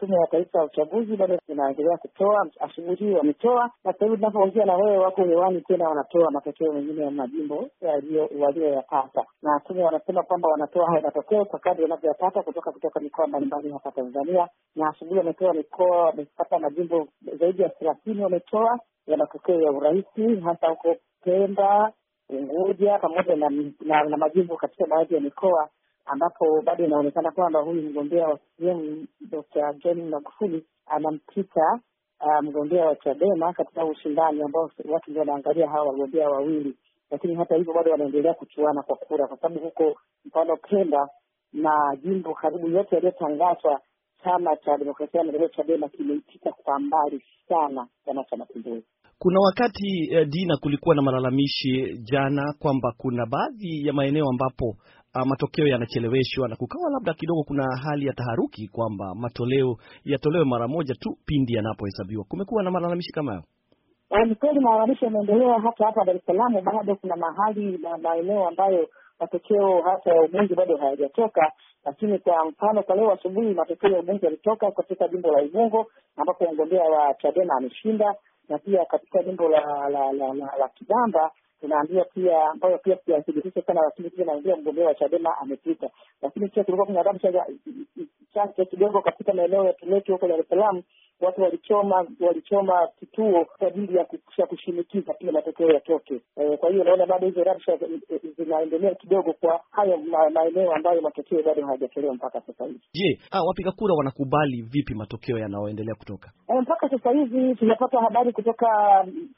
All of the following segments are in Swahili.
Tume ya Taifa ya Uchaguzi bado inaendelea kutoa. Asubuhi hii wametoa, na sasa hivi tunavyoongea na wewe, wako hewani tena wanatoa matokeo mengine ya majimbo walioyapata, na tume wanasema kwamba wanatoa haya matokeo kwa kadri wanavyoyapata kutoka kutoka mikoa mbalimbali hapa Tanzania. Na asubuhi wametoa mikoa, wamepata majimbo zaidi ya thelathini wametoa ya matokeo ya urahisi, hasa huko Pemba, Unguja pamoja na, na, na majimbo katika baadhi ya mikoa ambapo bado inaonekana kwamba huyu mgombea wa CCM d John Magufuli anampita uh, mgombea wa Chadema katika ushindani ambao watu ndio wanaangalia hawa wagombea wawili, lakini hata hivyo bado wanaendelea kuchuana kwa kura, kwa sababu huko mfano Pemba na jimbo karibu yote yaliyotangazwa chama cha demokrasia maendeleo Chadema kimeipita kwa mbali sana Chama cha Mapinduzi. Kuna wakati eh, Dina, kulikuwa na malalamishi jana kwamba kuna baadhi ya maeneo ambapo Ah, matokeo yanacheleweshwa na kukawa labda kidogo kuna hali ya taharuki kwamba matoleo yatolewe mara moja tu pindi yanapohesabiwa. Kumekuwa na malalamishi kama hayo? Eh, ni kweli malalamishi yameendelea hata hapa Dar es Salaam, bado kuna mahali na maeneo ambayo matokeo hata ya ubunge bado hayajatoka. Lakini kwa mfano kwa leo asubuhi matokeo ya ubunge yalitoka katika jimbo la Ubungo ambapo mgombea wa Chadema ameshinda na pia katika jimbo la la, la, la, la Kigamba tunaambia pia ambayo pia sijathibitisha sana, lakini pia naambia mgombea wa Chadema amepita, lakini pia kulikuwa kuna adabu chache kidogo katika maeneo ya Temeke huko Dar es Salaam watu walichoma walichoma kituo kwa ajili ya kushinikiza pia matokeo yatoke. E, kwa hiyo naona bado hizo rabsha e, e, zinaendelea kidogo kwa haya maeneo ambayo matokeo bado hayajatolewa mpaka sasa hivi. Je, ah, wapiga kura wanakubali vipi matokeo yanayoendelea kutoka? E, mpaka sasa hivi tunapata habari kutoka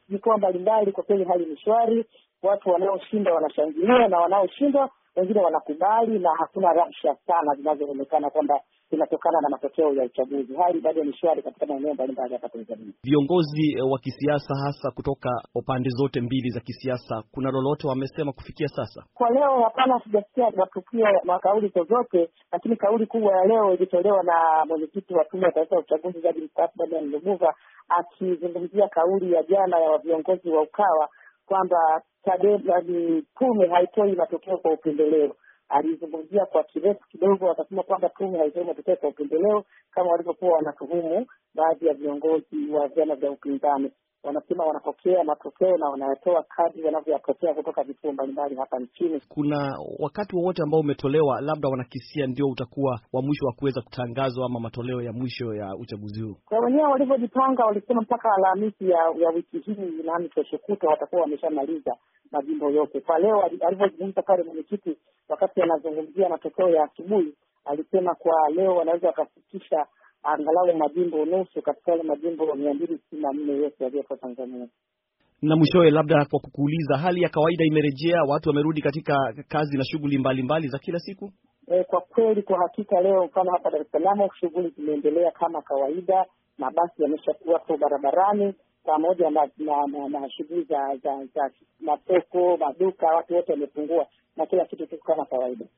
mikoa mbalimbali. Kwa kweli hali ni shwari, watu wanaoshinda wanashangilia na wanaoshindwa wengine wanakubali na hakuna rabsha sana zinazoonekana kwamba zinatokana na matokeo ya uchaguzi. Hali bado ni shwari katika maeneo mbalimbali hapa Tanzania. Viongozi eh, wa kisiasa hasa kutoka pande zote mbili za kisiasa, kuna lolote wamesema kufikia sasa? Kwa leo hapana, sijasikia matukio na kauli zozote, lakini kauli kubwa ya leo ilitolewa na mwenyekiti wa Tume ya Taifa ya Uchaguzi, Jaji mstaafu Damian Lubuva akizungumzia kauli ya jana ya viongozi wa Ukawa kwamba tume haitoi matokeo kwa upendeleo. Alizungumzia kwa kirefu kidogo, akasema kwamba tume haitoi matokeo kwa upendeleo kama walivyokuwa wanatuhumu baadhi ya viongozi wa vyama vya upinzani wanasema wanapokea matokeo na wanayatoa kadri wanavyoyapokea kutoka vituo mbalimbali hapa nchini. Kuna wakati wowote ambao umetolewa, labda wanakisia ndio utakuwa wa mwisho wa kuweza kutangazwa ama matoleo ya mwisho ya uchaguzi huu? Kwa wenyewe walivyojipanga, walisema mpaka Alhamisi ya, ya wiki hii, nani, kesho kutwa watakuwa wameshamaliza majimbo yote. Kwa leo alivyozungumza pale mwenyekiti, wakati anazungumzia matokeo ya asubuhi, alisema kwa leo wanaweza wakafikisha angalau majimbo nusu katika yale majimbo mia mbili sitini na nne yote yaliyoko Tanzania. Na mwishowe, labda kwa kukuuliza, hali ya kawaida imerejea, watu wamerudi katika kazi na shughuli mbalimbali za kila siku? E, kwa kweli, kwa hakika leo mfano hapa Dar es Salaam shughuli zimeendelea kama kawaida, mabasi yameshakuwapo barabarani pamoja na na, na, na shughuli za za, za masoko, maduka, watu wote wamepungua na kila kitu kiko kama kawaida.